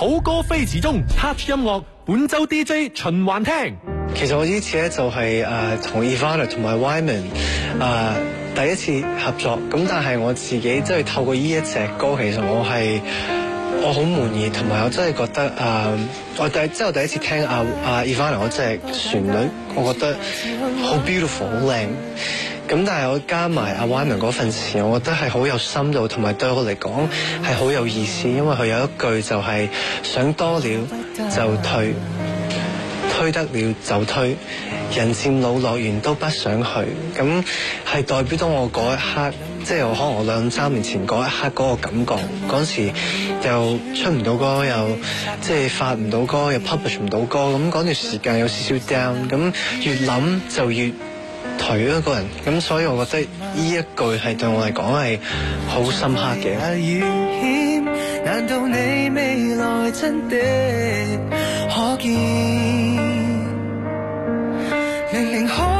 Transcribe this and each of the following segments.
好歌飛時鐘 Touch 音樂本週 DJ 循環聽，其實我呢次咧就係誒同 Eva 同埋 Wyman 誒第一次合作，咁但係我自己即係透過呢一隻歌，其實我係。我好滿意，同埋我真係覺得誒，uh, 我第即係、就是、我第一次聽阿阿 Ivana 嚟，uh, uh, Ivana, 我真係旋律我覺得好 beautiful，好靚。咁但係我加埋阿 Wyman 嗰份詞，我覺得係好有深度，同埋對我嚟講係好有意思，因為佢有一句就係、是、想多了,了就退，推得了就推，人漸老樂園都不想去，咁係代表到我嗰一刻。即係我可能我兩三年前嗰一刻嗰個感覺，陣時又出唔到歌，又即係發唔到歌，又 publish 唔到歌，咁嗰段時間有少少 down，咁越諗就越頹一個人咁，所以我覺得呢一句係對我嚟講係好深刻嘅。危險，難道你未來真的可見，明明可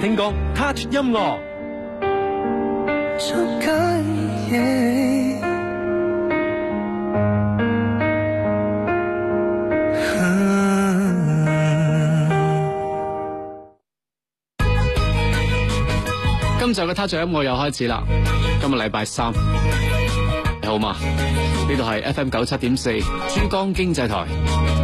聽講 Touch 音樂，今集嘅 Touch 音樂又開始啦！今日禮拜三，你好嘛？呢度係 FM 九七點四珠江經濟台。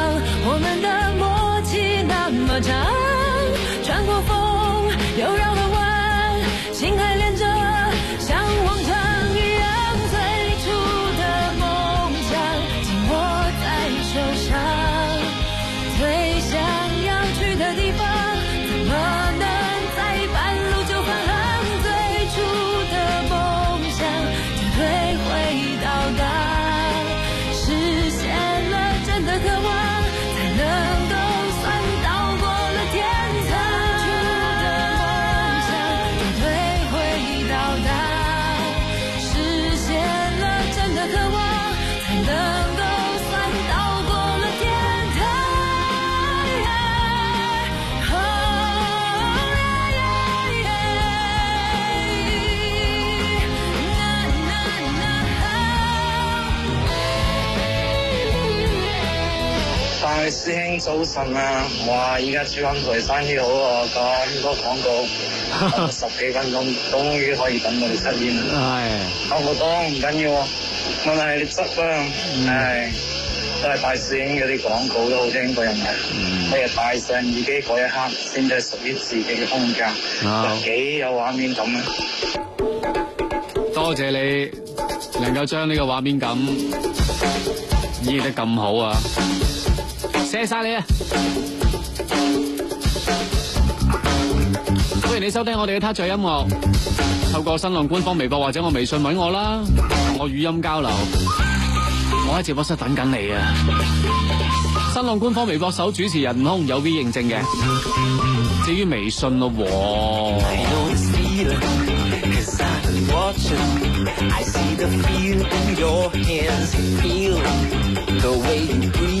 早晨啊，哇！依家珠江台生意好喎，咁多廣告， 十幾分鐘終於可以等到你出現啦。係的，我唔慌，唔緊要。問題係你執啊，嗯、唉，都係拜先嗰啲廣告都好聽過人嘅。你戴、嗯、上耳機嗰一刻，先至屬於自己嘅風格，嗯、有幾有畫面感啊。多好謝，謝你能夠將呢個畫面感演得咁好啊！謝晒你啊！歡迎你收聽我哋嘅《Touch 音樂》，透過新浪官方微博或者我微信揾我啦，我語音交流，我喺直播室等緊你啊！新浪官方微博首主持人空有 V 認證嘅，至於微信咯，喎。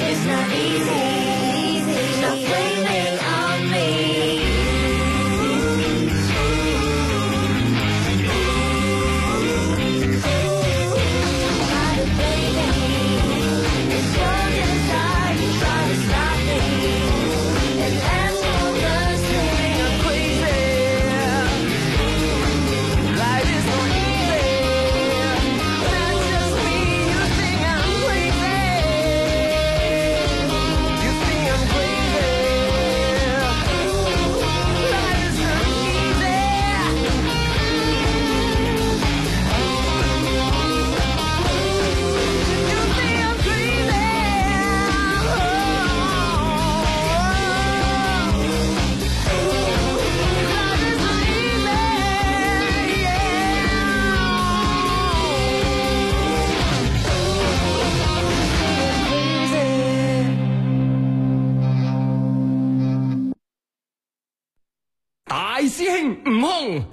悟空，二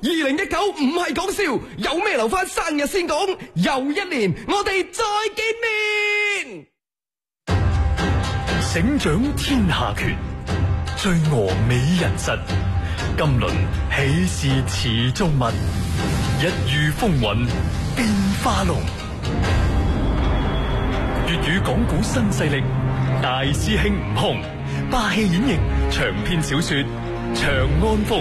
零一九唔係講笑，有咩留翻生日先講。又一年，我哋再見面。醒掌天下權，醉臥美人膝，金輪豈是池中物？一遇風雲變化龍。粵語講古新勢力，大師兄悟空，霸氣演繹長篇小說《長安風》。